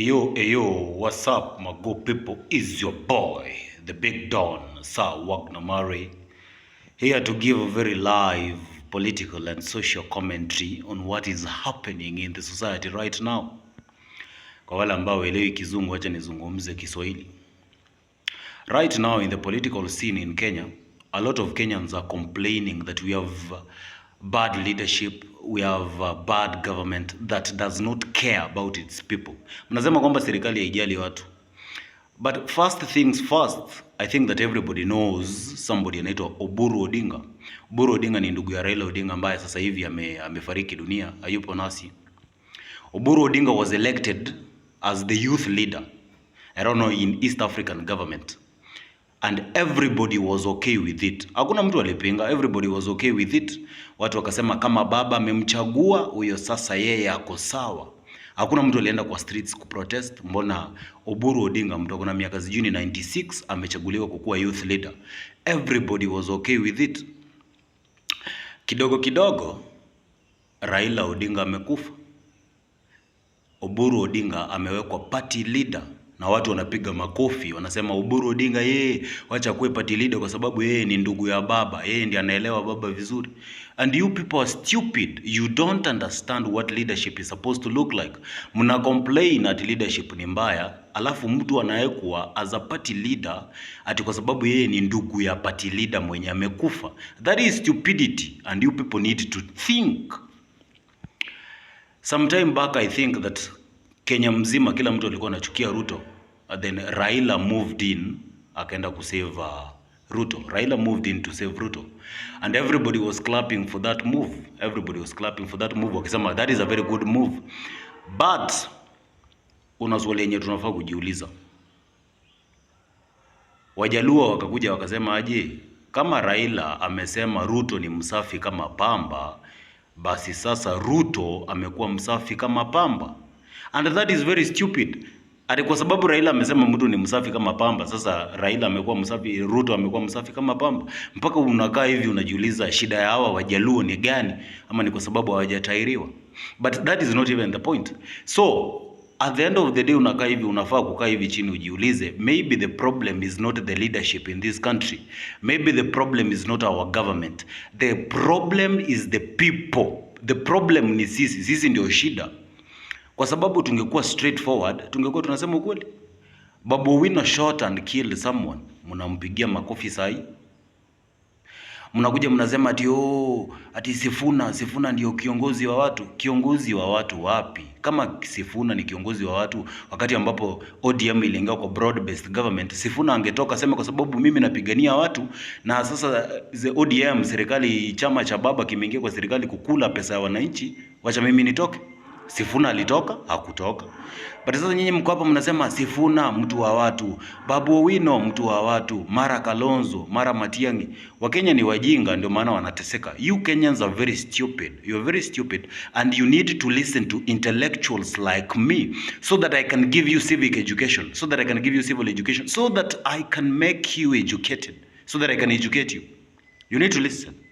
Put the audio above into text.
Eyo, eyo, what's up, my good people? Is your boy, the big Don, Sir Wagner Murray, here to give a very live political and social commentary on what is happening in the society right now. Kwa wale ambao waelewi kizungu, acha nizungumze Kiswahili. Right now in the political scene in Kenya, a lot of Kenyans are complaining that we have bad leadership we have a bad government that does not care about its people. Mnasema kwamba serikali haijali watu, but first things first, I think that everybody knows somebody anaitwa Oburu Odinga. Oburu Odinga ni ndugu ya Raila Odinga ambaye sasa hivi amefariki dunia, hayupo nasi. Oburu Odinga was elected as the youth leader I don't know in East African government and everybody was okay with it. Hakuna mtu alipinga, everybody was okay with it. Watu wakasema kama baba amemchagua huyo, sasa yeye ako sawa. Hakuna mtu alienda kwa streets kuprotest. Mbona Oburu Odinga mdogo na miaka sijui 96 amechaguliwa kukuwa youth leader? Everybody was okay with it. Kidogo kidogo Raila Odinga amekufa, Oburu Odinga amewekwa party leader na watu wanapiga makofi, wanasema Oburu Odinga yeye, wacha kuwe party leader kwa sababu yeye ni ndugu ya baba, yeye ndiye anaelewa baba vizuri. And you people are stupid, you don't understand what leadership is supposed to look like. Mna complain ati leadership ni mbaya, alafu mtu anawekwa as a party leader ati kwa sababu yeye ni ndugu ya party leader mwenye amekufa. That is stupidity and you people need to think. Sometime back I think that Kenya mzima kila mtu alikuwa anachukia Ruto, and uh, then Raila moved in akaenda kusave uh, Ruto. Raila moved in to save Ruto and everybody was clapping for that move. Everybody was clapping for that move wakisema that is a very good move, but una swali yenye tunafaa kujiuliza. Wajaluo wakakuja wakasema aje, kama Raila amesema Ruto ni msafi kama pamba, basi sasa Ruto amekuwa msafi kama pamba and that is very stupid. Ati kwa sababu Raila amesema mtu ni msafi kama pamba. Sasa Raila amekuwa msafi, Ruto amekuwa msafi kama pamba, mpaka unakaa hivi unajiuliza shida ya hawa wajaluo ni gani? Ama ni kwa sababu hawajatairiwa? But that is not even the point. So at the end of the day unakaa hivi, unafaa kukaa hivi chini ujiulize, maybe the problem is not the leadership in this country, maybe the problem is not our government, the problem is the people. The problem ni sisi, sisi ndio shida. Kwa sababu tungekuwa straightforward, tungekuwa tunasema ukweli. Babu Owino shot and kill someone, mnampigia makofi sahi, mnakuja mnasema ati oh, ati Sifuna, Sifuna ndio kiongozi wa watu. Kiongozi wa watu wapi? Kama Sifuna ni kiongozi wa watu, wakati ambapo ODM iliingia kwa broad based government, Sifuna angetoka sema kwa sababu mimi napigania watu, na sasa the ODM serikali, chama cha baba kimeingia kwa serikali kukula pesa ya wananchi, wacha mimi nitoke. Sifuna alitoka hakutoka. But sasa nyinyi mko hapa mnasema Sifuna mtu wa watu, Babu Owino mtu wa watu, mara Kalonzo, mara Matiang'i. Wakenya ni wajinga, ndio maana wanateseka. You Kenyans are very stupid, you are very stupid and you need to listen to intellectuals like me so that I can give you civic education, so that I can give you civil education, so that I can make you educated, so that I can educate you. You need to listen.